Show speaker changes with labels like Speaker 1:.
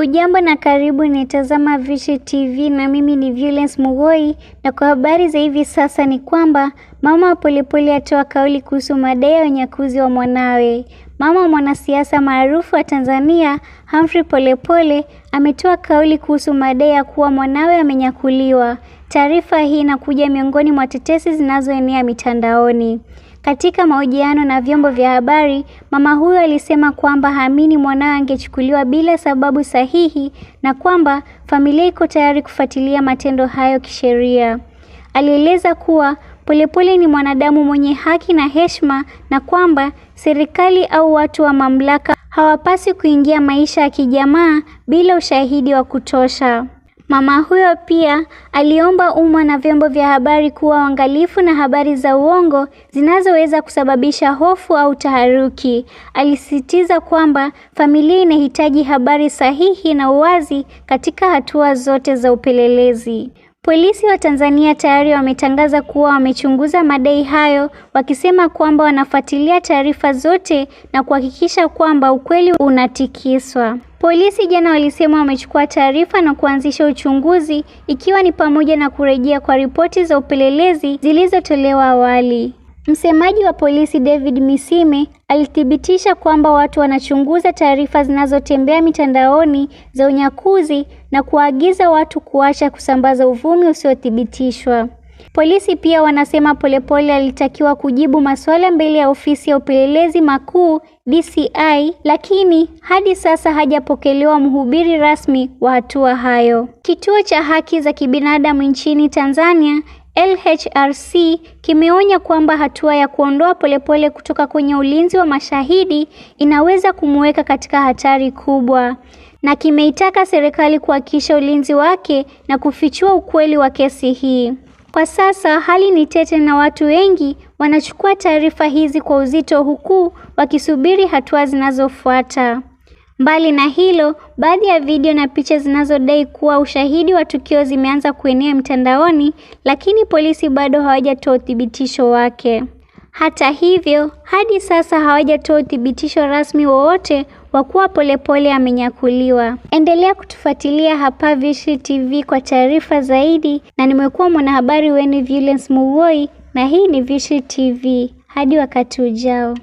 Speaker 1: Hujambo na karibu nitazama Veushly TV na mimi ni Violence Mugoi, na kwa habari za hivi sasa ni kwamba mama wa Polepole atoa kauli kuhusu madai ya unyakuzi wa mwanawe. Mama wa mwanasiasa maarufu wa Tanzania Humphrey Polepole ametoa kauli kuhusu madai ya kuwa mwanawe amenyakuliwa. Taarifa hii inakuja miongoni mwa tetesi zinazoenea mitandaoni. Katika mahojiano na vyombo vya habari, mama huyo alisema kwamba haamini mwanawe angechukuliwa bila sababu sahihi na kwamba familia iko tayari kufuatilia matendo hayo kisheria. Alieleza kuwa Polepole ni mwanadamu mwenye haki na heshima na kwamba serikali au watu wa mamlaka hawapasi kuingia maisha ya kijamaa bila ushahidi wa kutosha. Mama huyo pia aliomba umma na vyombo vya habari kuwa waangalifu na habari za uongo zinazoweza kusababisha hofu au taharuki. Alisisitiza kwamba familia inahitaji habari sahihi na uwazi katika hatua zote za upelelezi. Polisi wa Tanzania tayari wametangaza kuwa wamechunguza madai hayo, wakisema kwamba wanafuatilia taarifa zote na kuhakikisha kwamba ukweli unatikiswa. Polisi jana walisema wamechukua taarifa na kuanzisha uchunguzi ikiwa ni pamoja na kurejea kwa ripoti za upelelezi zilizotolewa awali. Msemaji wa polisi David Misime alithibitisha kwamba watu wanachunguza taarifa zinazotembea mitandaoni za unyakuzi na kuwaagiza watu kuacha kusambaza uvumi usiothibitishwa. Polisi pia wanasema Polepole alitakiwa kujibu maswala mbele ya ofisi ya upelelezi makuu DCI, lakini hadi sasa hajapokelewa mhubiri rasmi wa hatua hayo. Kituo cha haki za kibinadamu nchini Tanzania LHRC kimeonya kwamba hatua ya kuondoa Polepole kutoka kwenye ulinzi wa mashahidi inaweza kumweka katika hatari kubwa na kimeitaka serikali kuhakikisha ulinzi wake na kufichua ukweli wa kesi hii. Kwa sasa hali ni tete na watu wengi wanachukua taarifa hizi kwa uzito huku wakisubiri hatua zinazofuata. Mbali na hilo, baadhi ya video na picha zinazodai kuwa ushahidi wa tukio zimeanza kuenea mtandaoni, lakini polisi bado hawajatoa uthibitisho wake. Hata hivyo, hadi sasa hawajatoa uthibitisho rasmi wowote wa kuwa Polepole amenyakuliwa. Endelea kutufuatilia hapa Veushly TV kwa taarifa zaidi, na nimekuwa mwanahabari wenu Violence Mugoi, na hii ni Veushly TV. Hadi wakati ujao.